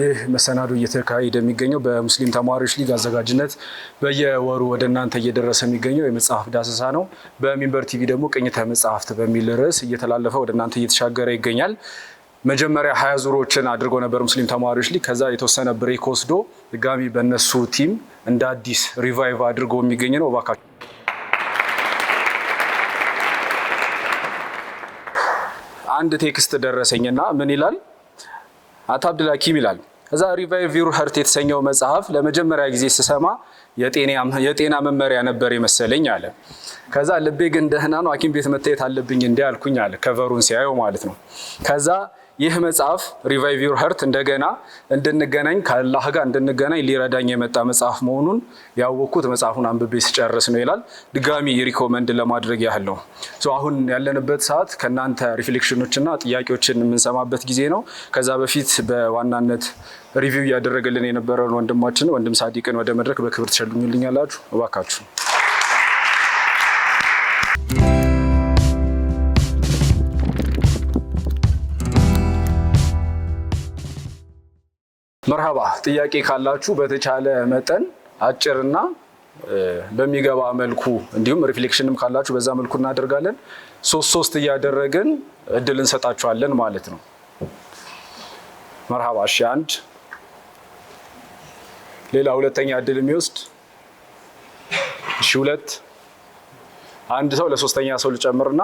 ይህ መሰናዶ እየተካሄደ የሚገኘው በሙስሊም ተማሪዎች ሊግ አዘጋጅነት በየወሩ ወደ እናንተ እየደረሰ የሚገኘው የመጽሐፍ ዳሰሳ ነው። በሚንበር ቲቪ ደግሞ ቅኝተ መጽሐፍት በሚል ርዕስ እየተላለፈ ወደ እናንተ እየተሻገረ ይገኛል። መጀመሪያ ሀያ ዙሮችን አድርጎ ነበር ሙስሊም ተማሪዎች ሊግ። ከዛ የተወሰነ ብሬክ ወስዶ ድጋሚ በእነሱ ቲም እንደ አዲስ ሪቫይቭ አድርጎ የሚገኝ ነው። እባካችሁ አንድ ቴክስት ደረሰኝና ምን ይላል? አቶ አብዱል ሀኪም ይላል እዛ ሪቫይቭ ዩር ሀርት የተሰኘው መጽሐፍ ለመጀመሪያ ጊዜ ስሰማ የጤና መመሪያ ነበር የመሰለኝ አለ። ከዛ ልቤ ግን ደህና ነው ሐኪም ቤት መታየት አለብኝ እንዲ አልኩኝ አለ። ከቨሩን ሲያየው ማለት ነው። ከዛ ይህ መጽሐፍ ሪቫይቭ ዩር ሀርት እንደገና እንድንገናኝ ከአላህ ጋር እንድንገናኝ ሊረዳኝ የመጣ መጽሐፍ መሆኑን ያወቅኩት መጽሐፉን አንብቤ ስጨርስ ነው ይላል። ድጋሚ ሪኮመንድ ለማድረግ ያህል ነው። አሁን ያለንበት ሰዓት ከእናንተ ሪፍሌክሽኖችና ጥያቄዎችን የምንሰማበት ጊዜ ነው። ከዛ በፊት በዋናነት ሪቪው እያደረገልን የነበረውን ወንድማችን ወንድም ሳዲቅን ወደ መድረክ በክብር ትሸልኙልኛላችሁ እባካችሁ። መርሃባ። ጥያቄ ካላችሁ በተቻለ መጠን አጭርና በሚገባ መልኩ እንዲሁም ሪፍሌክሽንም ካላችሁ በዛ መልኩ እናደርጋለን። ሶስት ሶስት እያደረግን እድል እንሰጣችኋለን ማለት ነው። መርሃባ። እሺ፣ አንድ ሌላ ሁለተኛ እድል የሚወስድ እሺ፣ ሁለት አንድ ሰው ለሶስተኛ ሰው ልጨምርና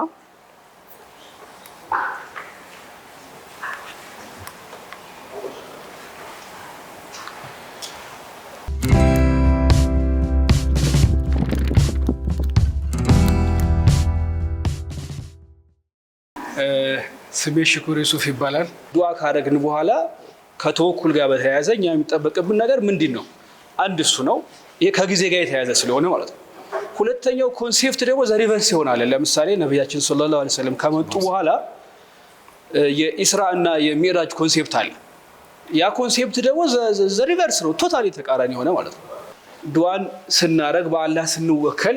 ስሜ ሽኩር ዩሱፍ ይባላል። ዱዓ ካረግን በኋላ ከተወኩል ጋር በተያያዘ እኛ የሚጠበቅብን ነገር ምንድን ነው? አንድ እሱ ነው። ይሄ ከጊዜ ጋር የተያያዘ ስለሆነ ማለት ነው። ሁለተኛው ኮንሴፕት ደግሞ ዘሪቨርስ ይሆናል። ለምሳሌ ነቢያችን ሰለላሁ ዐለይሂ ወሰለም ከመጡ በኋላ የኢስራ እና የሚዕራጅ ኮንሴፕት አለ። ያ ኮንሴፕት ደግሞ ዘሪቨርስ ነው፣ ቶታሊ ተቃራኒ የሆነ ማለት ነው። ዱዓን ስናረግ በአላህ ስንወከል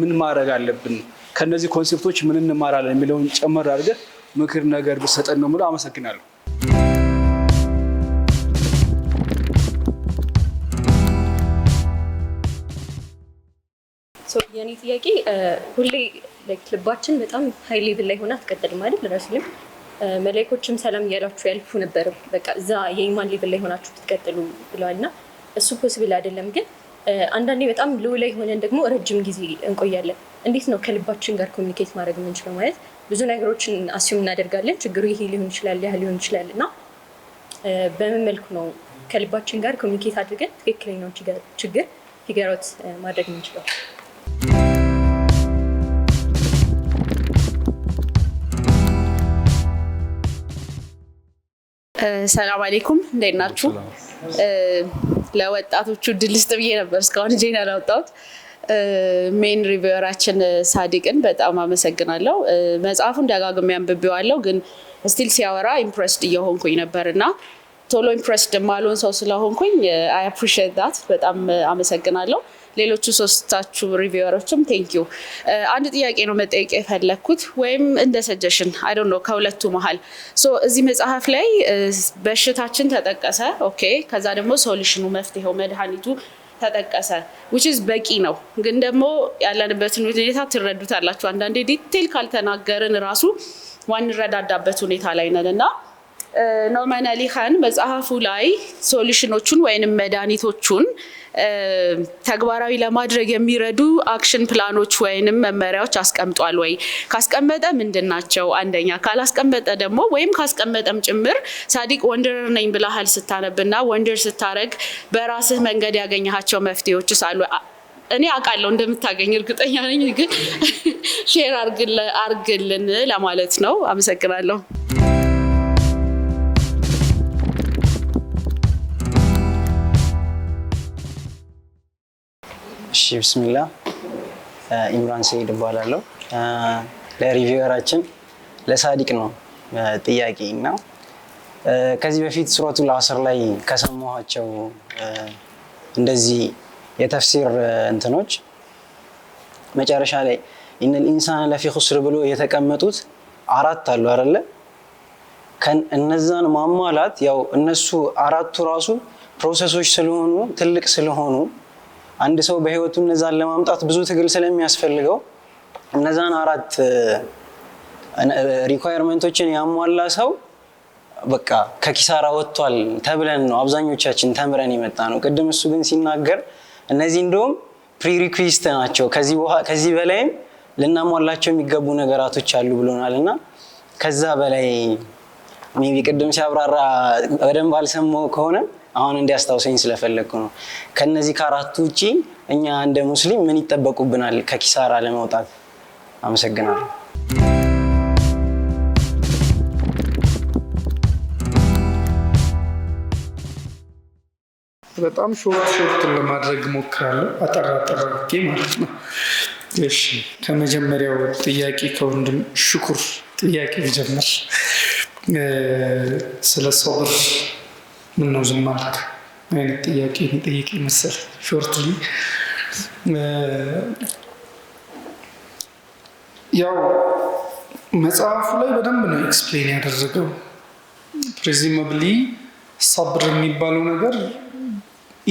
ምን ማድረግ አለብን? ከነዚህ ኮንሴፕቶች ምን እንማራለን የሚለውን ጨመር አድርገህ ምክር ነገር ብሰጠን ነው የምለው። አመሰግናለሁ። የኔ ጥያቄ ሁሌ ልባችን በጣም ሀይ ሌቭል ላይ ሆነ አትቀጥልም አይደል? ረሱልም መላይኮችም ሰላም እያላችሁ ያልፉ ነበር። በቃ እዛ የኢማን ሌቭል ላይ ሆናችሁ ትቀጥሉ ብለዋል እና እሱ ፖስብል አይደለም ግን አንዳንዴ በጣም ልው ላይ ሆነን ደግሞ ረጅም ጊዜ እንቆያለን። እንዴት ነው ከልባችን ጋር ኮሚኒኬት ማድረግ የምንችለው? ማለት ብዙ ነገሮችን አስዩም እናደርጋለን። ችግሩ ይሄ ሊሆን ይችላል፣ ያ ሊሆን ይችላል እና በምን መልኩ ነው ከልባችን ጋር ኮሚኒኬት አድርገን ትክክለኛውን ችግር ፊገሮት ማድረግ የምንችለው? ሰላም አሌይኩም እንዴት ናችሁ? ለወጣቶቹ ድል ስጥ ብዬ ነበር እስካሁን እጄን ያላወጣሁት። ሜን ሪቪወራችን ሳዲቅን በጣም አመሰግናለሁ። መጽሐፉን ደጋግሜ አንብቤዋለሁ፣ ግን ስቲል ሲያወራ ኢምፕሬስድ እየሆንኩኝ ነበር እና ቶሎ ኢምፕሬስድ የማልሆን ሰው ስለሆንኩኝ አይ አፕሪሺየት ዳት በጣም አመሰግናለሁ። ሌሎቹ ሶስታችሁ ሪቪወሮችም ዩ። አንድ ጥያቄ ነው መጠየቅ የፈለግኩት ወይም እንደ ሰጀሽን አይ ዶንት ከሁለቱ መሀል እዚህ መጽሐፍ ላይ በሽታችን ተጠቀሰ። ኦኬ ከዛ ደግሞ ሶሉሽኑ መፍትሄው መድኃኒቱ ተጠቀሰ ዊች ኢዝ በቂ ነው። ግን ደግሞ ያለንበትን ሁኔታ ትረዱታላችሁ። አንዳንዴ ዲቴል ካልተናገርን ራሱ ዋንረዳዳበት ሁኔታ ላይ ነን እና ኖርማን አሊ መጽሐፉ ላይ ሶሉሽኖቹን ወይንም መድኃኒቶቹን ተግባራዊ ለማድረግ የሚረዱ አክሽን ፕላኖች ወይንም መመሪያዎች አስቀምጧል ወይ? ካስቀመጠ ምንድን ናቸው? አንደኛ ካላስቀመጠ ደግሞ ወይም ካስቀመጠም ጭምር ሳዲቅ ወንደር ነኝ ብለሃል ስታነብና ወንደር ስታረግ በራስህ መንገድ ያገኘሃቸው መፍትሄዎችስ አሉ? እኔ አውቃለሁ እንደምታገኝ እርግጠኛ ነኝ፣ ግን ሼር አርግልን ለማለት ነው። አመሰግናለሁ። ብስሚላ ኢምራን ሰይድ እባላለሁ። ለሪቪወራችን ለሳዲቅ ነው ጥያቄ እና ከዚህ በፊት ሱረቱል ለአስር ላይ ከሰማኋቸው እንደዚህ የተፍሲር እንትኖች መጨረሻ ላይ ኢነል ኢንሳን ለፊ ኹስር ብሎ የተቀመጡት አራት አሉ አይደለ? እነዛን ማሟላት ያው እነሱ አራቱ ራሱ ፕሮሰሶች ስለሆኑ ትልቅ ስለሆኑ አንድ ሰው በህይወቱ እነዛን ለማምጣት ብዙ ትግል ስለሚያስፈልገው እነዛን አራት ሪኳየርመንቶችን ያሟላ ሰው በቃ ከኪሳራ ወጥቷል ተብለን ነው አብዛኞቻችን ተምረን የመጣ ነው። ቅድም እሱ ግን ሲናገር እነዚህ እንደውም ፕሪሪኩዊስት ናቸው፣ ከዚህ በላይም ልናሟላቸው የሚገቡ ነገራቶች አሉ ብሎናል እና ከዛ በላይ ሜይ ቅድም ሲያብራራ በደንብ አልሰማው ከሆነ አሁን እንዲያስታውሰኝ ስለፈለግኩ ነው። ከነዚህ ከአራቱ ውጪ እኛ እንደ ሙስሊም ምን ይጠበቁብናል ከኪሳራ ለመውጣት? አመሰግናለሁ። በጣም ሾርት ሾርትን ለማድረግ ሞክራለሁ፣ አጠራ አጠራ ማለት ነው። እሺ ከመጀመሪያው ጥያቄ ከወንድም ሽኩር ጥያቄ ጀምር ስለ ሶብር ምን ነው ዝም ማለት አይነት ጥያቄ የሚጠይቅ ይመስል ሾርት ያው መጽሐፉ ላይ በደንብ ነው ኤክስፕሌን ያደረገው። ፕሬዚመብሊ ሰብር የሚባለው ነገር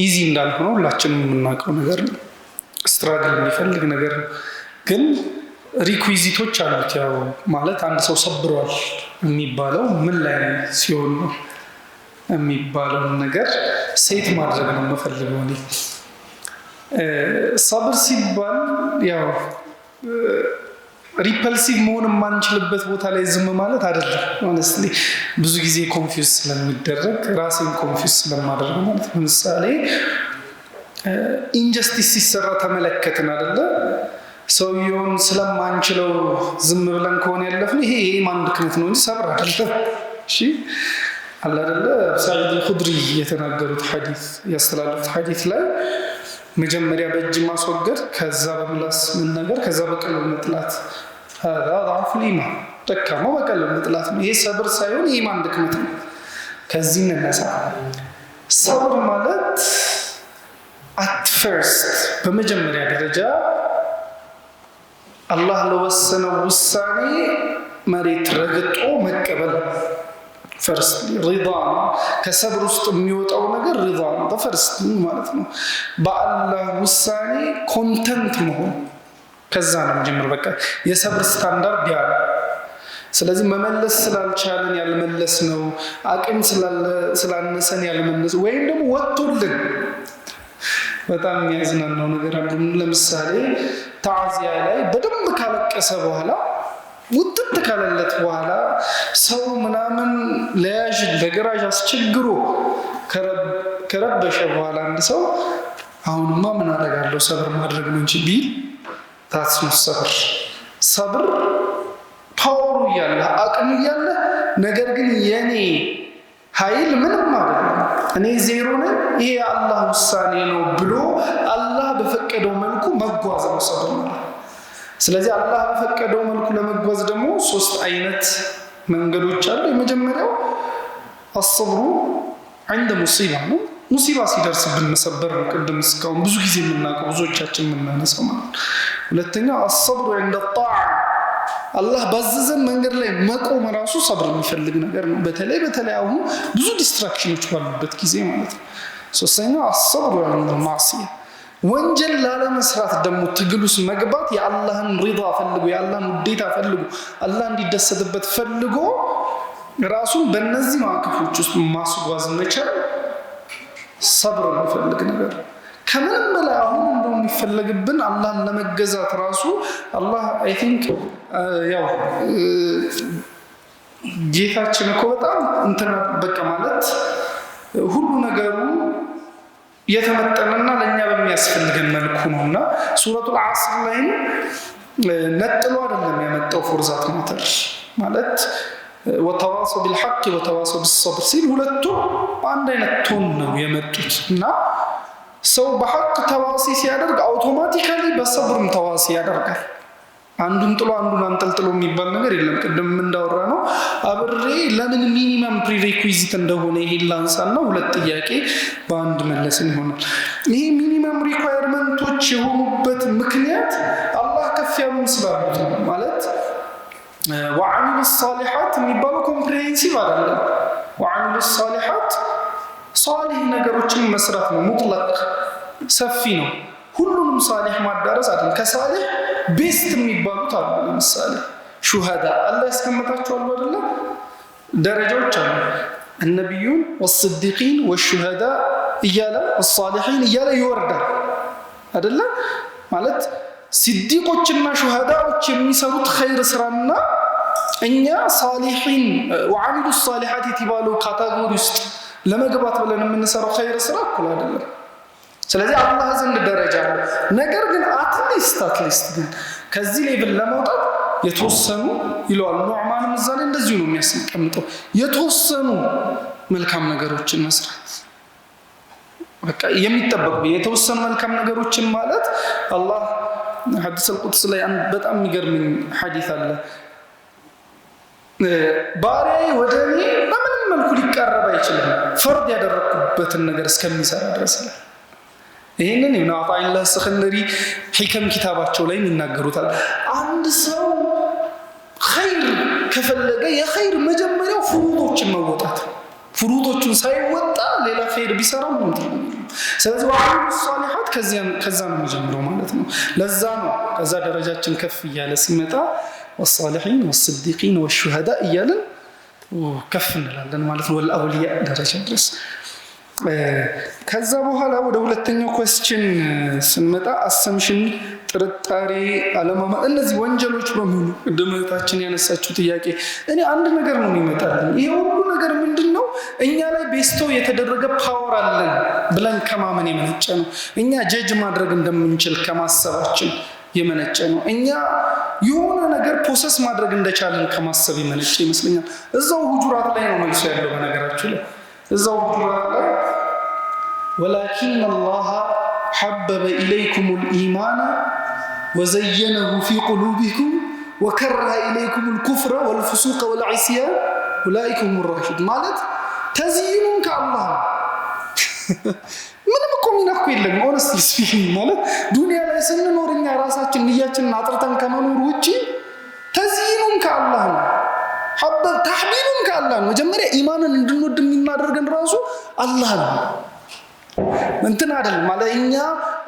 ኢዚ እንዳልሆነ ሁላችንም የምናውቀው ነገር ነው። ስትራግል የሚፈልግ ነገር ነው። ግን ሪኩዊዚቶች አሉት። ያው ማለት አንድ ሰው ሰብሯል የሚባለው ምን ላይ ሲሆን ነው? የሚባለውን ነገር ሴት ማድረግ ነው የምፈልገው እኔ። ሰብር ሲባል ያው ሪፐልሲቭ መሆን የማንችልበት ቦታ ላይ ዝም ማለት አይደለም። ሆነስትሊ ብዙ ጊዜ ኮንፊውስ ስለሚደረግ ራሴን ኮንፊውዝ ስለማደርግ ማለት ለምሳሌ ኢንጀስቲስ ሲሰራ ተመለከትን አይደለ? ሰውየውን ስለማንችለው ዝም ብለን ከሆነ ያለፍን ይሄ የማን ድክመት ነው እንጂ ሰብር አይደለም። እሺ አላደለ አይደለ ሰዒድ የተናገሩት ሐዲስ ያስተላለፉት ሐዲስ ላይ መጀመሪያ በእጅ ማስወገድ፣ ከዛ በምላስ መናገር፣ ከዛ በቀልብ መጥላት። ፍ الإيمان ደካማ በቀልብ መጥላት ነው። ይሄ ሰብር ሳይሆን የኢማን ድክመት ነው። ከዚህ እንነሳ። ሰብር ማለት አት ፈርስት በመጀመሪያ ደረጃ አላህ ለወሰነው ውሳኔ መሬት ረግጦ መቀበል ፈርስት ሪዳ ነው። ከሰብር ውስጥ የሚወጣው ነገር ሪዳ ነው፣ በፈርስት ማለት ነው። በአላህ ውሳኔ ኮንተንት መሆን ከዛ ነው ጀምር በቃ የሰብር ስታንዳርድ ያ ስለዚህ መመለስ ስላልቻለን ያልመለስ ነው፣ አቅም ስላነሰን ያልመለስ ወይም ደግሞ ወጥቶልን በጣም የሚያዝናናው ነገር አሉ። ለምሳሌ ታዚያ ላይ በደንብ ካለቀሰ በኋላ ውጥት ካለለት በኋላ ሰው ምናምን ለያዥ ለገራዥ አስቸግሮ ከረበሸ በኋላ አንድ ሰው አሁንማ ምን አደርጋለሁ ሰብር ማድረግ ነው እንጂ ቢል ታስኖ ሰብር ሰብር ፓወሩ እያለ አቅሙ እያለ ነገር ግን የኔ ኃይል ምንም አለ እኔ ዜሮ ነኝ፣ ይሄ የአላህ ውሳኔ ነው ብሎ አላህ በፈቀደው መልኩ መጓዝ ነው ሰብር ማለት ስለዚህ አላህ በፈቀደው መልኩ ለመጓዝ ደግሞ ሶስት አይነት መንገዶች አሉ። የመጀመሪያው አሰብሩ እንደ ሙሲባ ነው። ሙሲባ ሲደርስብን መሰበር ነው። ቅድም እስካሁን ብዙ ጊዜ የምናውቀው ብዙዎቻችን የምናነሰው ማለት ነው። ሁለተኛው አሰብሩ እንደ ጣዓ አላህ ባዘዘን መንገድ ላይ መቆም ራሱ ሰብር የሚፈልግ ነገር ነው። በተለይ በተለይ አሁን ብዙ ዲስትራክሽኖች ባሉበት ጊዜ ማለት ነው። ሶስተኛው አሰብሩ እንደ ማዕሲያ ወንጀል ላለመስራት ደግሞ ትግል ውስጥ መግባት የአላህን ሪዳ ፈልጎ የአላህን ውዴታ ፈልጎ አላህ እንዲደሰትበት ፈልጎ ራሱን በእነዚህ ማዕቀፎች ውስጥ ማስጓዝ መቻል ሰብር የሚፈልግ ነገር ከምንም በላይ አሁን እንደው የሚፈለግብን አላህን ለመገዛት ራሱ አላህ አይ ቲንክ ያው ጌታችን እኮ በጣም እንትና በቃ ማለት ሁሉ ነገሩ የተመጠነና ለእኛ በሚያስፈልገን መልኩ ነው እና ሱረቱል ዓስር ላይ ነጥሎ አይደለም ያመጣው ፎርዛት ማተር ማለት ወተዋሶ ቢልሐቅ ወተዋሶ ቢሰብር ሲል ሁለቱም በአንድ አይነት ቶን ነው የመጡት እና ሰው በሐቅ ተዋሲ ሲያደርግ አውቶማቲካሊ በሰብርም ተዋሲ ያደርጋል። አንዱን ጥሎ አንዱን አንጠልጥሎ የሚባል ነገር የለም። ቅድም እንዳወራ ነው አብሬ ለምን ሚኒመም ፕሪሬኩዊዚት እንደሆነ ይሄን ላንሳና ሁለት ጥያቄ በአንድ መለስን ይሆናል። ይሄ ሚኒመም ሪኳየርመንቶች የሆኑበት ምክንያት አላህ ከፍ ያሉን ስላሉት ነው። ማለት ወዓሚሉ ሳሊሓት የሚባለው ኮምፕሬሄንሲቭ አይደለም። ወዓሚሉ ሳሊሓት ሳሊህ ነገሮችን መስራት ነው። ሙጥለቅ ሰፊ ነው። ሁሉንም ሳሊሕ ማዳረስ አይደለም ከሳሊሕ ቤስት የሚባሉት አሉ። ለምሳሌ ሹሃዳ አላ ያስቀመጣቸው አሉ ደረጃዎች አሉ። እነቢዩን ወስዲቂን ወሹሃዳ እያለ ወሳሊሒን እያለ ይወርዳል አይደለም። ማለት ሲዲቆችና ሹሃዳዎች የሚሰሩት ኸይር ስራና እኛ ሳሊሒን ወአሚሉ ሳሊሓት የተባለው ካታጎሪ ውስጥ ለመግባት ብለን የምንሰራው ኸይር ስራ እኩል አይደለም። ስለዚህ አላህ ዘንድ ደረጃ ነው። ነገር ግን አትሊስት አትሊስት ግን ከዚህ ሌብል ለመውጣት የተወሰኑ ይለዋል። ኖዕማን እዛ እንደዚሁ ነው የሚያስቀምጠው። የተወሰኑ መልካም ነገሮችን መስራት በቃ የሚጠበቅ የተወሰኑ መልካም ነገሮችን ማለት አላህ ሐዲስ አልቁድስ ላይ በጣም የሚገርምኝ ሐዲስ አለ። ባሪያዬ ወደ እኔ በምንም መልኩ ሊቀረብ አይችልም ፈርድ ያደረግኩበትን ነገር እስከሚሰራ ድረስ ይላል። ይህንን ኢብኑ አጣኢላ ስክንድሪ ሒከም ኪታባቸው ላይ ይናገሩታል። አንድ ሰው ኸይር ከፈለገ የኸይር መጀመሪያው ፍሩጦችን መወጣት፣ ፍሩጦቹን ሳይወጣ ሌላ ኸይር ቢሰራ ምንት ስለዚህ ዋሉ ሷሊሓት ከዛ ነው የሚጀምረው ማለት ነው። ለዛ ነው ከዛ ደረጃችን ከፍ እያለ ሲመጣ ወሳሊሒን ወስዲቂን ወሹሃዳ እያለን ከፍ እንላለን ማለት ነው። ወልአውልያ ደረጃ ድረስ ከዛ በኋላ ወደ ሁለተኛው ኮስችን ስንመጣ አሰምሽን፣ ጥርጣሬ፣ አለማማ እነዚህ ወንጀሎች በሙሉ እንደምህታችን ያነሳችው ጥያቄ እኔ አንድ ነገር ነው ይመጣል። ይሄ ሁሉ ነገር ምንድን ነው? እኛ ላይ ቤስቶ የተደረገ ፓወር አለን ብለን ከማመን የመነጨ ነው። እኛ ጀጅ ማድረግ እንደምንችል ከማሰባችን የመነጨ ነው። እኛ የሆነ ነገር ፕሮሰስ ማድረግ እንደቻለን ከማሰብ የመነጨ ይመስለኛል። እዛው ሁጁራት ላይ ነው መልሶ ያለው በነገራችሁ ላይ እዛው ላይ ወላኪን አላህ ሐበበ ኢለይኩም ልኢማን ወዘየነሁ ፊ ቁሉቢኩም ወከረሀ ኢለይኩም ልኩፍረ ወልፍሱቀ ወልዕስያን ኡላኢከ ሁም ራሽድ ማለት ተዝይኑን ከአላህ ምንም እኮ ሚና እኮ የለም። ኦነስት ስፒኪንግ ማለት ዱንያ ላይ ስንኖር እኛ ራሳችን ንያችንን አጥርተን ከመኖር ውጭ ተዝይኑን ከአላህ ነው። ተሕቢሉን ከአላህ ነው። መጀመሪያ ኢማንን እንድንወድ አድርገን ራሱ አላህ ነው እንትን አይደለም ማለት እኛ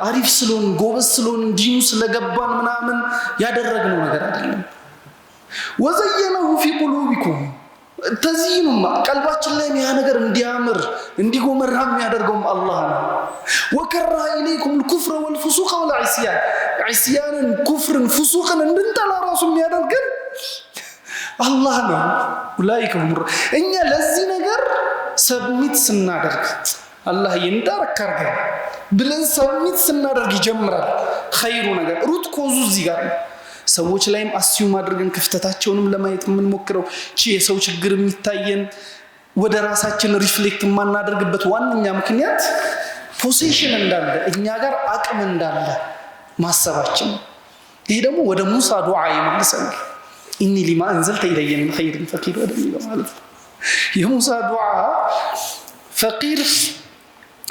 አሪፍ ስለሆን ጎበዝ ስለሆን እንዲኑ ስለገባን ምናምን ያደረግነው ነገር አይደለም። ወዘየነሁ ፊ ቁሉቢኩም ተዚኑማ ቀልባችን ላይም ያ ነገር እንዲያምር እንዲጎመራ የሚያደርገውም አላህ ነው። ወከራ ኢለይኩም ልኩፍረ ወልፍሱቅ ወልዕስያን ዕስያንን፣ ኩፍርን፣ ፍሱቅን እንድንጠላ ራሱ የሚያደርግን አላህ ነው። ላይከ እኛ ለዚህ ነገር ሰብሚት ስናደርግ አላህ እንዳረካርገ ብለን ሰብሚት ስናደርግ ይጀምራል ኸይሩ ነገር። ሩት ኮዙ እዚህ ጋር ሰዎች ላይም አስዩም አድርገን ክፍተታቸውንም ለማየት የምንሞክረው ቺ የሰው ችግር የሚታየን ወደ ራሳችን ሪፍሌክት የማናደርግበት ዋነኛ ምክንያት ፖሴሽን እንዳለ እኛ ጋር አቅም እንዳለ ማሰባችን። ይህ ደግሞ ወደ ሙሳ ዱዓ ይመልሰናል። ኢኒ ሊማ እንዘልተ ኢለየ ምን ኸይርን ፈቂድ ወደሚለው ማለት ነው። የሙሳ ዱዓ ፈቂር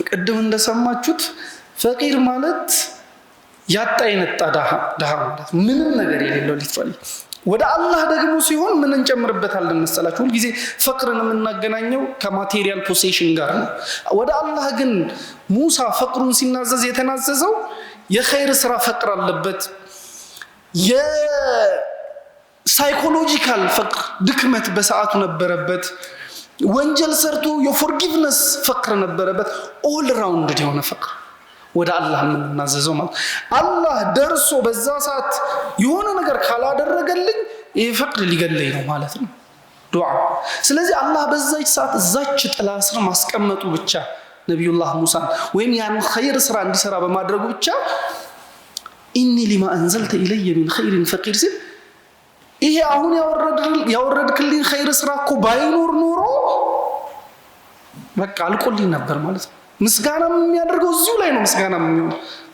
ቅድም እንደሰማችሁት ፈቂር ማለት ያጣ የነጣ ድሃ ማለት ምንም ነገር የሌለው ሊትፈል ወደ አላህ ደግሞ ሲሆን ምን እንጨምርበታለን መሰላችሁ? ሁልጊዜ ፍቅርን የምናገናኘው ከማቴሪያል ፖሴሽን ጋር ነው። ወደ አላህ ግን ሙሳ ፍቅሩን ሲናዘዝ የተናዘዘው የኸይር ስራ ፈቅር አለበት። ሳይኮሎጂካል ፍቅር ድክመት በሰዓቱ ነበረበት። ወንጀል ሰርቶ የፎርጊቭነስ ፍቅር ነበረበት። ኦል ራውንድ የሆነ ፍቅር ወደ አላህ የምናዘዘው ማለት አላህ ደርሶ በዛ ሰዓት የሆነ ነገር ካላደረገልኝ ይህ ፍቅር ሊገለኝ ነው ማለት ነው ዱዓ። ስለዚህ አላህ በዛች ሰዓት እዛች ጥላ ስር ማስቀመጡ ብቻ ነቢዩላህ ሙሳን ወይም ያን ኸይር ስራ እንዲሰራ በማድረጉ ብቻ ኢኒ ሊማ አንዘልተ ኢለየ ሚን ኸይርን ፈቂር ሲል ይሄ አሁን ያወረድክልኝ ኸይር ስራ እኮ ባይኖር ኖሮ በቃ አልቆልኝ ነበር ማለት ነው። ምስጋና የሚያደርገው እዚሁ ላይ ነው። ምስጋና የሚሆን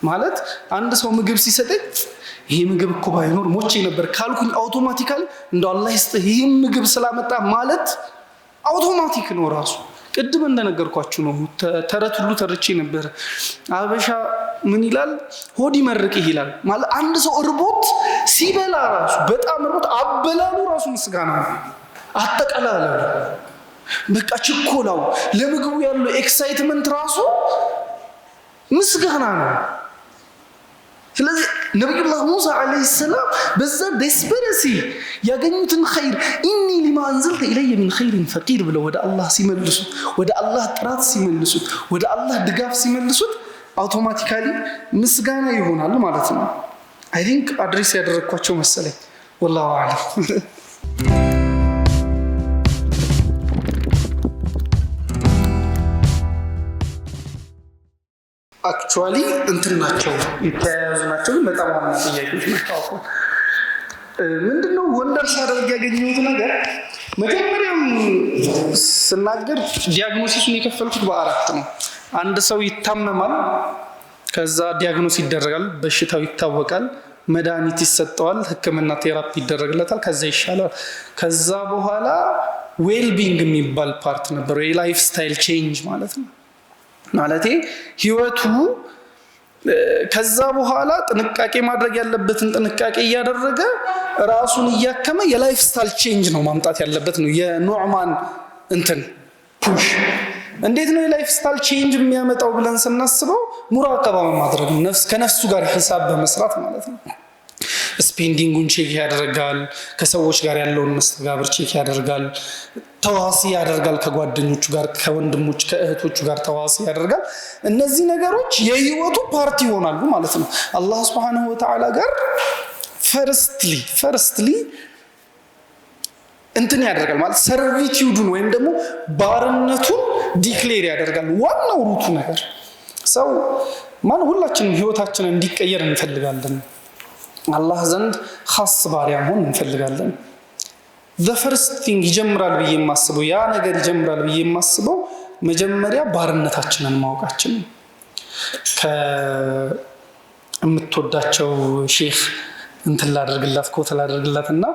ማለት አንድ ሰው ምግብ ሲሰጠኝ ይሄ ምግብ እኮ ባይኖር ሞቼ ነበር ካልኩኝ አውቶማቲካል እንደ አላህ ይስጥህ ይህም ምግብ ስላመጣ ማለት አውቶማቲክ ነው ራሱ። ቅድም እንደነገርኳችሁ ነው። ተረት ሁሉ ተርቼ ነበር። አበሻ ምን ይላል? ሆድ ይመርቅህ ይላል። ማለት አንድ ሰው እርቦት ሲበላ ራሱ በጣም እርቦት አበላሉ ራሱ ምስጋና ነው። አጠቀላለሉ በቃ ችኮላው፣ ለምግቡ ያለው ኤክሳይትመንት ራሱ ምስጋና ነው። ስለዚህ ነቢዩላህ ሙሳ ዓለይሂ ሰላም በዛ ደስበረሲ ያገኙትን ኸይር ኢኒ ሊማ አንዘልተ ኢለየ ሚን ኸይሪን ፈቂር ብለው ወደ አላህ ሲመልሱት፣ ወደ አላህ ጥራት ሲመልሱት፣ ወደ አላህ ድጋፍ ሲመልሱት አውቶማቲካሊ ምስጋና ይሆናል ማለት ነው። አይ ቲንክ አድሬስ ያደረግኳቸው መሰለኝ። ወላሁ አለም አክቹዋሊ እንትን ናቸው የተያያዙ ናቸው። ግን በጣም ዋና ጥያቄዎች ናቸው። ነው ወንደር ሳደርግ ያገኘሁት ነገር መጀመሪያም ስናገር ዲያግኖሲሱን የከፈልኩት በአራት ነው። አንድ ሰው ይታመማል። ከዛ ዲያግኖስ ይደረጋል። በሽታው ይታወቃል። መድኃኒት ይሰጠዋል። ህክምና ቴራፒ ይደረግለታል። ከዛ ይሻላል። ከዛ በኋላ ዌልቢንግ የሚባል ፓርት ነበር፣ የላይፍ ስታይል ቼንጅ ማለት ነው። ማለቴ ህይወቱ ከዛ በኋላ ጥንቃቄ ማድረግ ያለበትን ጥንቃቄ እያደረገ ራሱን እያከመ የላይፍ ስታይል ቼንጅ ነው ማምጣት ያለበት ነው የኖዕማን እንትን ፑሽ። እንዴት ነው የላይፍ ስታይል ቼንጅ የሚያመጣው ብለን ስናስበው ሙራቀባ በማድረግ ነው፣ ከነፍሱ ጋር ሂሳብ በመስራት ማለት ነው። ስፔንዲንጉን ቼክ ያደርጋል። ከሰዎች ጋር ያለውን መስተጋብር ቼክ ያደርጋል። ተዋሲ ያደርጋል፣ ከጓደኞቹ ጋር ከወንድሞች ከእህቶቹ ጋር ተዋሲ ያደርጋል። እነዚህ ነገሮች የህይወቱ ፓርቲ ይሆናሉ ማለት ነው። አላህ ሱብሓነሁ ወተዓላ ጋር ፈርስትሊ ፈርስትሊ እንትን ያደርጋል ማለት ሰርቪቲዩዱን ወይም ደግሞ ባርነቱን ዲክሌር ያደርጋል። ዋናው ሩቱ ነገር ሰው ማን ሁላችንም ህይወታችንን እንዲቀየር እንፈልጋለን። አላህ ዘንድ ኻስ ባሪያ መሆን እንፈልጋለን። ዘፈርስት ቲንግ ይጀምራል ብዬ የማስበው ያ ነገር ይጀምራል ብዬ የማስበው መጀመሪያ ባርነታችንን ማወቃችን ነው። የምትወዳቸው ሼህ እንትን ላደርግላት ኮት ላደርግላት እና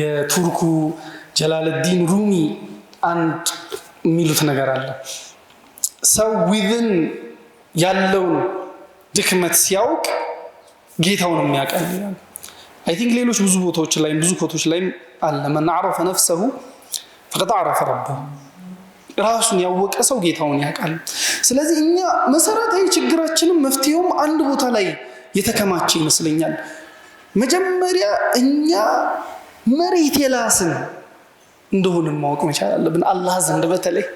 የቱርኩ ጀላልዲን ሩሚ አንድ የሚሉት ነገር አለ። ሰው ዊዝን ያለውን ድክመት ሲያውቅ ጌታውን የሚያቀል አይ ቲንክ ሌሎች ብዙ ቦታዎች ላይም ብዙ ኮቶች ላይም አለ። መን አረፈ ነፍሰሁ ፈቀድ አረፈ ረበሁ፣ ራሱን ያወቀ ሰው ጌታውን ያውቃል። ስለዚህ እኛ መሰረታዊ ችግራችንም መፍትሄውም አንድ ቦታ ላይ የተከማቸ ይመስለኛል። መጀመሪያ እኛ መሬት የላስን እንደሆነ ማወቅ መቻል አለብን። አላህ ዘንድ በተለይ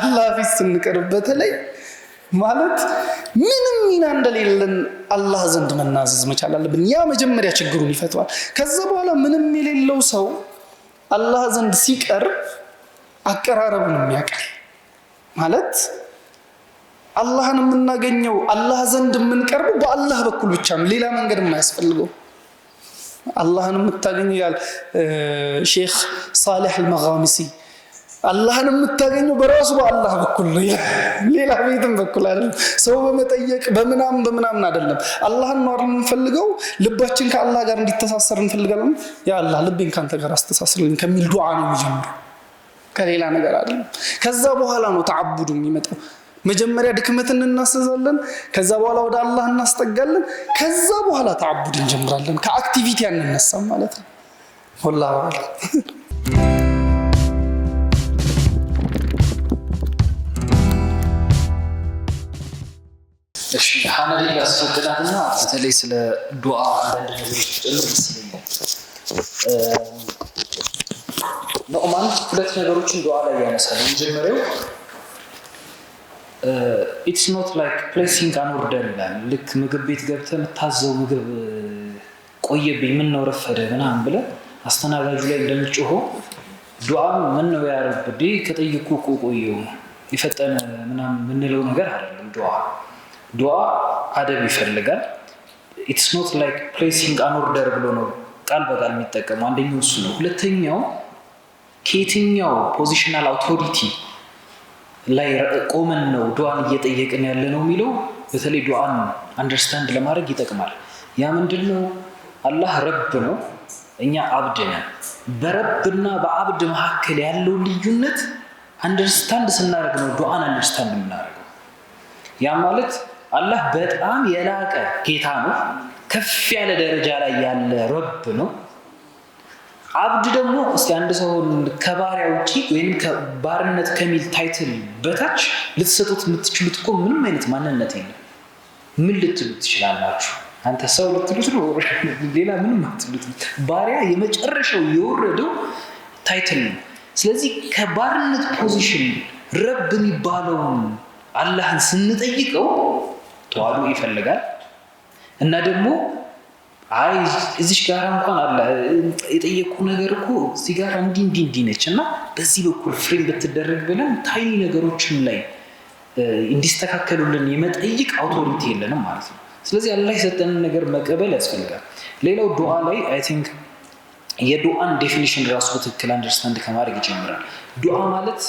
አላህ ፊት ስንቀርብ በተለይ ማለት ምንም ሚና እንደሌለን አላህ ዘንድ መናዘዝ መቻል አለብን። ያ መጀመሪያ ችግሩን ይፈተዋል። ከዛ በኋላ ምንም የሌለው ሰው አላህ ዘንድ ሲቀርብ አቀራረብ ነው የሚያቀል ማለት አላህን የምናገኘው አላህ ዘንድ የምንቀርበው በአላህ በኩል ብቻ ነው። ሌላ መንገድ የማያስፈልገው አላህን የምታገኘው ያል ሼክ ሳሌሕ አልመጋሚሲ አላህን የምታገኘው በራሱ በአላህ በኩል ነው። ሌላ ቤትም በኩል አይደለም። ሰው በመጠየቅ በምናምን በምናምን አይደለም። አላህን ነው የምንፈልገው። ልባችን ከአላህ ጋር እንዲተሳሰር እንፈልጋለን። ያ አላህ ልቤን ከአንተ ጋር አስተሳስርልኝ ከሚል ዱዓ ነው የሚጀምሩ፣ ከሌላ ነገር አይደለም። ከዛ በኋላ ነው ተዓቡዱ የሚመጣው። መጀመሪያ ድክመትን እናስዛለን። ከዛ በኋላ ወደ አላህ እናስጠጋለን። ከዛ በኋላ ተዓቡድ እንጀምራለን። ከአክቲቪቲ አንነሳም ማለት ነው። ወላሂ ሀመድ ያስወደዳትና በተለይ ስለ ዱዓ አንዳንድ ነገሮች ጭምር ደስ ኖዕማን ሁለት ነገሮችን ዱዓ ላይ ያነሳል። የመጀመሪያው ኢትስ ኖት ላይክ ፕሌሲንግ አንወርደር ይላል። ልክ ምግብ ቤት ገብተህ የምታዘው ምግብ ቆየብኝ፣ ምን ነው ረፈደ ምናምን ብለህ አስተናጋጁ ላይ እንደምጮሆ ዱዓም ምን ነው ያረብዴ ከጠይቁ ቆቆየው የፈጠነ ምናምን የምንለው ነገር አይደለም ዱዓ ዱዓ አደብ ይፈልጋል። ኢትስ ኖት ላይክ ፕሌሲንግ አንኦርደር ብሎ ነው ቃል በቃል የሚጠቀሙ። አንደኛው እሱ ነው። ሁለተኛው ከየትኛው ፖዚሽናል አውቶሪቲ ላይ ቆመን ነው ዱዓን እየጠየቅን ያለ ነው የሚለው በተለይ ዱዓን አንደርስታንድ ለማድረግ ይጠቅማል። ያ ምንድን ነው? አላህ ረብ ነው፣ እኛ አብድ ነን። በረብና በአብድ መካከል ያለው ልዩነት አንደርስታንድ ስናደርግ ነው ዱዓን አንደርስታንድ የምናደርገው ያ ማለት አላህ በጣም የላቀ ጌታ ነው። ከፍ ያለ ደረጃ ላይ ያለ ረብ ነው። አብድ ደግሞ እስኪ አንድ ሰውን ከባሪያ ውጪ ወይም ባርነት ከሚል ታይትል በታች ልትሰጡት የምትችሉት እኮ ምንም አይነት ማንነት የለም። ምን ልትሉ ትችላላችሁ? አንተ ሰው ልትሉት ነው፣ ሌላ ምንም አትሉት። ባሪያ የመጨረሻው የወረደው ታይትል ነው። ስለዚህ ከባርነት ፖዚሽን ረብ የሚባለውን አላህን ስንጠይቀው ተዋሉ ይፈልጋል እና ደግሞ አይ እዚሽ ጋራ እንኳን አለ የጠየቁ ነገር እኮ እዚህ ጋር እንዲህ እንዲህ እንዲህ ነች እና በዚህ በኩል ፍሬም ብትደረግ ብለን ታይኒ ነገሮችን ላይ እንዲስተካከሉልን የመጠይቅ አውቶሪቲ የለንም ማለት ነው። ስለዚህ አላ የሰጠንን ነገር መቀበል ያስፈልጋል። ሌላው ዱዓ ላይ አይ ቲንክ የዱዓን ዴፊኒሽን ራሱ በትክክል አንደርስታንድ ከማድረግ ይጀምራል። ዱዓ ማለት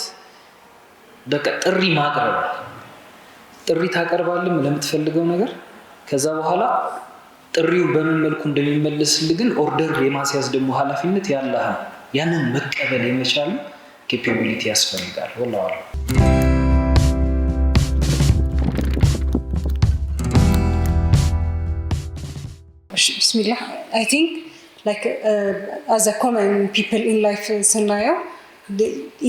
በቃ ጥሪ ማቅረብ ጥሪ ታቀርባለህ ለምትፈልገው ነገር። ከዛ በኋላ ጥሪው በምን መልኩ እንደሚመለስልህ ግን ኦርደር የማስያዝ ደግሞ ኃላፊነት ያለህ ያንን መቀበል የመቻል ኬፓቢሊቲ ያስፈልጋል። ወላዋለ ቢስሚላህ አይ ቲንክ ላይክ አዝ ኮመን ፒፕል ኢን ላይፍ ስናየው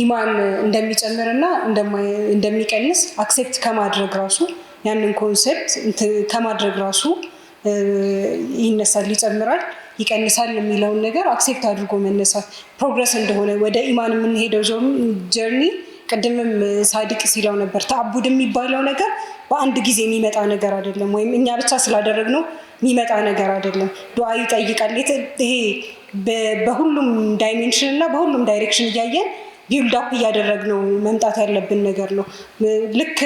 ኢማን እንደሚጨምርና እንደሚቀንስ አክሴፕት ከማድረግ ራሱ ያንን ኮንሰፕት ከማድረግ ራሱ ይነሳል፣ ይጨምራል፣ ይቀንሳል የሚለውን ነገር አክሴፕት አድርጎ መነሳት ፕሮግረስ እንደሆነ ወደ ኢማን የምንሄደው ጀርኒ። ቅድምም ሳዲቅ ሲለው ነበር ተአቡድ የሚባለው ነገር በአንድ ጊዜ የሚመጣ ነገር አይደለም፣ ወይም እኛ ብቻ ስላደረግነው የሚመጣ ነገር አይደለም። ዱዓ ይጠይቃል። ይሄ በሁሉም ዳይሜንሽን እና በሁሉም ዳይሬክሽን እያየን ቢልዳፕ እያደረግነው መምጣት ያለብን ነገር ነው። ልክ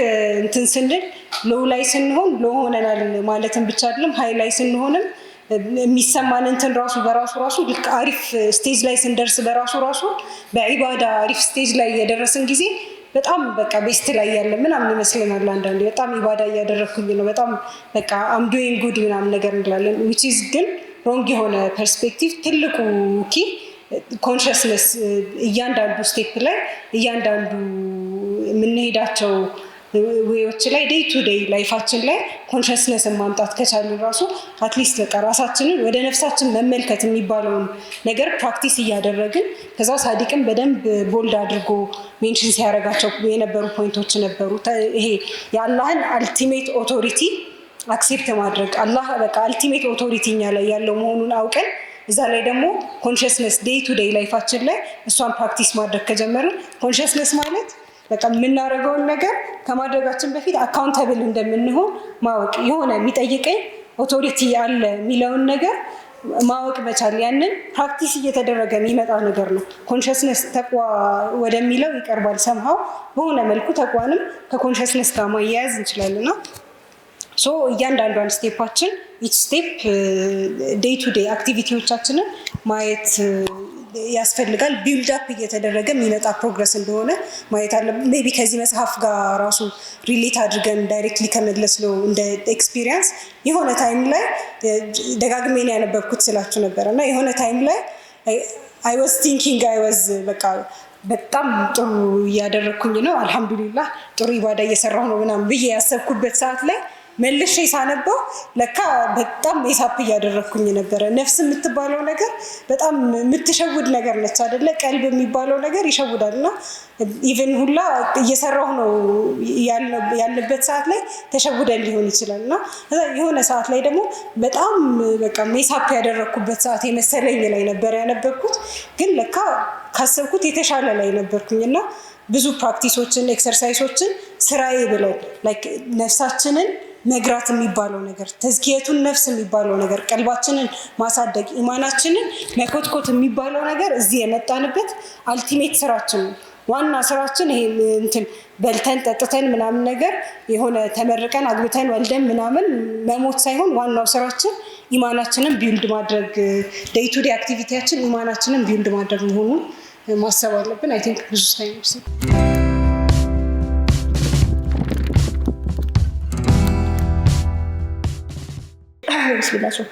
እንትን ስንል ሎው ላይ ስንሆን ሎ ሆነናል ማለትም ብቻ አይደለም፣ ሀይ ላይ ስንሆንም የሚሰማን እንትን ራሱ በራሱ ራሱ ልክ አሪፍ ስቴጅ ላይ ስንደርስ በራሱ ራሱ በዒባዳ አሪፍ ስቴጅ ላይ የደረስን ጊዜ በጣም በቃ ቤስት ላይ ያለ ምናምን ይመስለናል። አንዳንዴ በጣም ኢባዳ እያደረግኩኝ ነው፣ በጣም በቃ አምዶይን ጉድ ምናምን ነገር እንላለን። ዊች ኢዝ ግን ሮንግ የሆነ ፐርስፔክቲቭ። ትልቁ ኪ ኮንሽስነስ እያንዳንዱ ስቴፕ ላይ እያንዳንዱ የምንሄዳቸው ዌዎች ላይ ዴይ ቱ ዴይ ላይፋችን ላይ ኮንሽስነስን ማምጣት ከቻልን ራሱ አትሊስት በቃ ራሳችንን ወደ ነፍሳችን መመልከት የሚባለውን ነገር ፕራክቲስ እያደረግን ከዛ ሳዲቅን በደንብ ቦልድ አድርጎ ሜንሽን ሲያደርጋቸው የነበሩ ፖይንቶች ነበሩ። ይሄ የአላህን አልቲሜት ኦቶሪቲ አክሴፕት ማድረግ አላህ በቃ አልቲሜት ኦቶሪቲ እኛ ላይ ያለው መሆኑን አውቀን እዛ ላይ ደግሞ ኮንሽስነስ ዴይ ቱ ዴይ ላይፋችን ላይ እሷን ፕራክቲስ ማድረግ ከጀመርን ኮንሽስነስ ማለት በቃ የምናደርገውን ነገር ከማድረጋችን በፊት አካውንተብል እንደምንሆን ማወቅ የሆነ የሚጠይቀኝ ኦቶሪቲ አለ የሚለውን ነገር ማወቅ መቻል ያንን ፕራክቲስ እየተደረገ የሚመጣ ነገር ነው። ኮንሽስነስ ተቋ ወደሚለው ይቀርባል። ሰምሃው በሆነ መልኩ ተቋንም ከኮንሽስነስ ጋር ማያያዝ እንችላለንና ሶ እያንዳንዷን ስቴፓችን ኢች ስቴፕ ዴይ ቱ ዴይ አክቲቪቲዎቻችንን ማየት ያስፈልጋል። ቢልድ አፕ እየተደረገ የሚመጣ ፕሮግረስ እንደሆነ ማየት አለ። ሜይ ቢ ከዚህ መጽሐፍ ጋር ራሱ ሪሌት አድርገን ዳይሬክትሊ ከመድረስ ነው እንደ ኤክስፒሪየንስ የሆነ ታይም ላይ ደጋግሜን ያነበብኩት ስላችሁ ነበር እና የሆነ ታይም ላይ አይ ወዝ ቲንኪንግ አይ ወዝ በቃ በጣም ጥሩ እያደረግኩኝ ነው፣ አልሐምዱሊላህ ጥሩ ኢባዳ እየሰራሁ ነው ምናምን ብዬ ያሰብኩበት ሰዓት ላይ መልሼ ሳነበው ለካ በጣም ሜሳፕ እያደረግኩኝ ነበረ። ነፍስ የምትባለው ነገር በጣም የምትሸውድ ነገር ነች አደለ? ቀልብ የሚባለው ነገር ይሸውዳል። እና ኢቨን ሁላ እየሰራሁ ነው ያለበት ሰዓት ላይ ተሸውደን ሊሆን ይችላል። እና የሆነ ሰዓት ላይ ደግሞ በጣም በቃ ሜሳፕ ያደረግኩበት ሰዓት የመሰለኝ ላይ ነበር ያነበብኩት፣ ግን ለካ ካሰብኩት የተሻለ ላይ ነበርኩኝ እና ብዙ ፕራክቲሶችን ኤክሰርሳይሶችን ስራዬ ብለን ነፍሳችንን መግራት የሚባለው ነገር ተዝኪየቱን ነፍስ የሚባለው ነገር ቀልባችንን ማሳደግ ኢማናችንን መኮትኮት የሚባለው ነገር እዚህ የመጣንበት አልቲሜት ስራችን ነው። ዋና ስራችን ይሄ እንትን በልተን ጠጥተን ምናምን ነገር የሆነ ተመርቀን አግብተን ወልደን ምናምን መሞት ሳይሆን ዋናው ስራችን ኢማናችንን ቢውልድ ማድረግ ዴይ ቱ ዴይ አክቲቪቲያችን ኢማናችንን ቢውልድ ማድረግ መሆኑን ማሰብ አለብን። አይ ቲንክ ብዙ ሙስሊም ናቸው።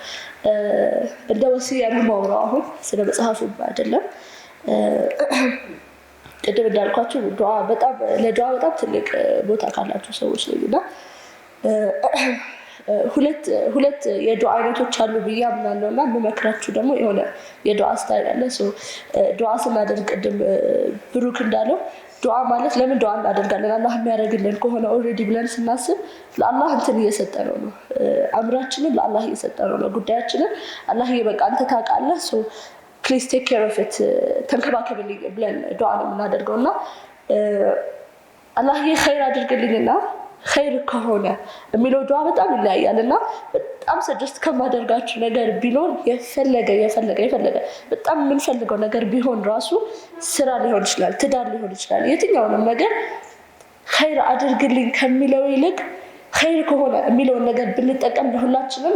እንደ ወሲ ያሉ ማውራው አሁን ስለ መጽሐፉ አይደለም። ቅድም እንዳልኳቸው በጣም በጣም ትልቅ ቦታ ካላቸው ሰዎች ነኝ እና ሁለት የድዋ አይነቶች አሉ ብዬ አምናለሁ እና የምመክራችሁ ደግሞ የሆነ የድዋ ስታይል አለ። ድዋ ስናደርግ ቅድም ብሩክ እንዳለው ዱዓ ማለት ለምን ዱዓ እናደርጋለን? አላህ የሚያደርግልን ከሆነ ኦልሬዲ ብለን ስናስብ ለአላህ እንትን እየሰጠነው ነው። አምራችንን ለአላህ እየሰጠነው ነው። ጉዳያችንን አላህ እየበቃ አንተ ታውቃለህ፣ ፕሊዝ ቴክ ኬር ኦፍ ኢት ተንከባከብልኝ ብለን ዱዓ ነው የምናደርገው እና አላህ ይህ ኸይር አድርግልኝና ኸይር ከሆነ የሚለው ዱዓ በጣም ይለያያል እና በጣም ሰጀስት ከማደርጋችሁ ነገር ቢኖር የፈለገ የፈለገ የፈለገ በጣም የምንፈልገው ነገር ቢሆን ራሱ ስራ ሊሆን ይችላል፣ ትዳር ሊሆን ይችላል። የትኛውንም ነገር ኸይር አድርግልኝ ከሚለው ይልቅ ኸይር ከሆነ የሚለውን ነገር ብንጠቀም ለሁላችንም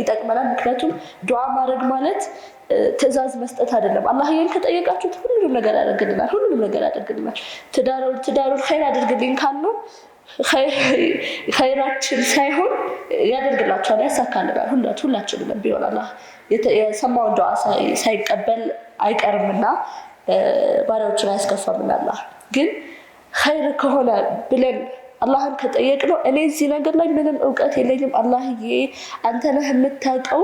ይጠቅመናል። ምክንያቱም ዱዓ ማድረግ ማለት ትዕዛዝ መስጠት አይደለም። አላህ ይህን ከጠየቃችሁት ሁሉንም ነገር ያደርግልናል፣ ሁሉንም ነገር ያደርግልናል። ትዳሩን ኸይር አድርግልኝ ካልነው ኸይራችን ሳይሆን ያደርግላቸዋል፣ ያሳካልናል። ሁላችንም ቢሆን አላህ የሰማውን ዱዓ ሳይቀበል አይቀርምና ባሪያዎችን አያስከፋምና አላህ ግን ኸይር ከሆነ ብለን አላህን ከጠየቅነው እኔ እዚህ ነገር ላይ ምንም እውቀት የለኝም፣ አላህዬ አንተ ነህ የምታውቀው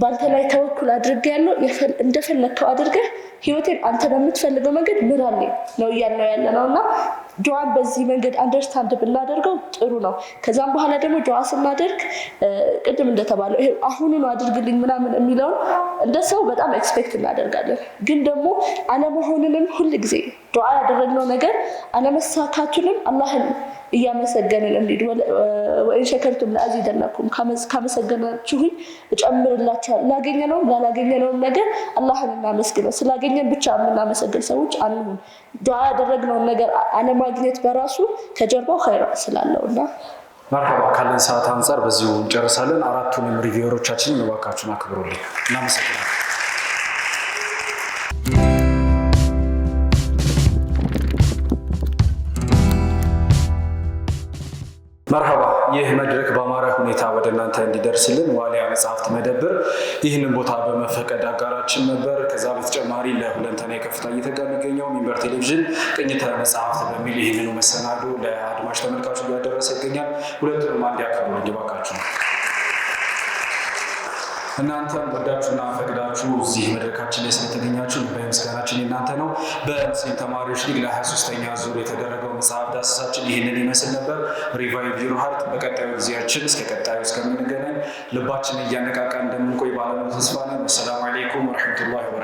በአንተ ላይ ተወኩል አድርገ ያለው እንደፈለግከው አድርገህ ህይወቴን አንተ በምትፈልገው መንገድ ምራልኝ ነው እያልነው ያለ ነው እና ጆዋን በዚህ መንገድ አንደርስታንድ ብናደርገው ጥሩ ነው። ከዛም በኋላ ደግሞ ዱዓ ስናደርግ ቅድም እንደተባለው ይሄ አሁኑን አድርግልኝ ምናምን የሚለውን እንደ ሰው በጣም ኤክስፔክት እናደርጋለን። ግን ደግሞ ሁል ሁልጊዜ ዱዓ ያደረግነው ነገር አለመሳካቱንም አላህን እያመሰገነ ለሚሄድ ወይን ሸከርቱም ለአዚ ደላኩም ካመሰገናችሁኝ እጨምርላችኋል። ላገኘነውም ላላገኘነውም ነገር አላህን እናመስግነው። ስላገኘን ብቻ የምናመሰግን ሰዎች አንሁን። ዱዓ ያደረግነውን ነገር አለማግኘት በራሱ ከጀርባው ኸይራ ስላለው እና መርሐባ ካለን ሰዓት አንጻር በዚሁ እንጨርሳለን። አራቱንም ሪቪወሮቻችን እባካችሁን አክብሩልኝ። እናመሰግናለን። መርሃባ ይህ መድረክ በአማራ ሁኔታ ወደ እናንተ እንዲደርስልን ዋሊያ መጽሐፍት መደብር ይህንን ቦታ በመፈቀድ አጋራችን ነበር። ከዛ በተጨማሪ ለሁለንተና የከፍታ እይታ የሚገኘው ሚንበር ቴሌቪዥን ቅኝተ መጽሐፍት በሚል ይህንኑ መሰናዶ ለአድማጭ ተመልካቹ እያደረሰ ይገኛል። ሁለቱንም አንድ ያካሉ እንዲባካችሁ ነው። እናንተም ወዳችሁና ፈቅዳችሁ እዚህ መድረካችን ላይ ስለተገኛችሁ ምስጋናችን የእናንተ ነው። በሙስሊም ተማሪዎች ሊግ ለ23ኛ ዙር የተደረገው መጽሐፍ ዳሰሳችን ይህንን ይመስል ነበር። ሪቫይቭ ዩር ሀርት በቀጣዩ ጊዜያችን እስከ ቀጣዩ እስከምንገናኝ ልባችን እያነቃቃ እንደምንቆይ ባለሙሉ ተስፋ ነን። አሰላሙ አሌይኩም ወረሕመቱላሂ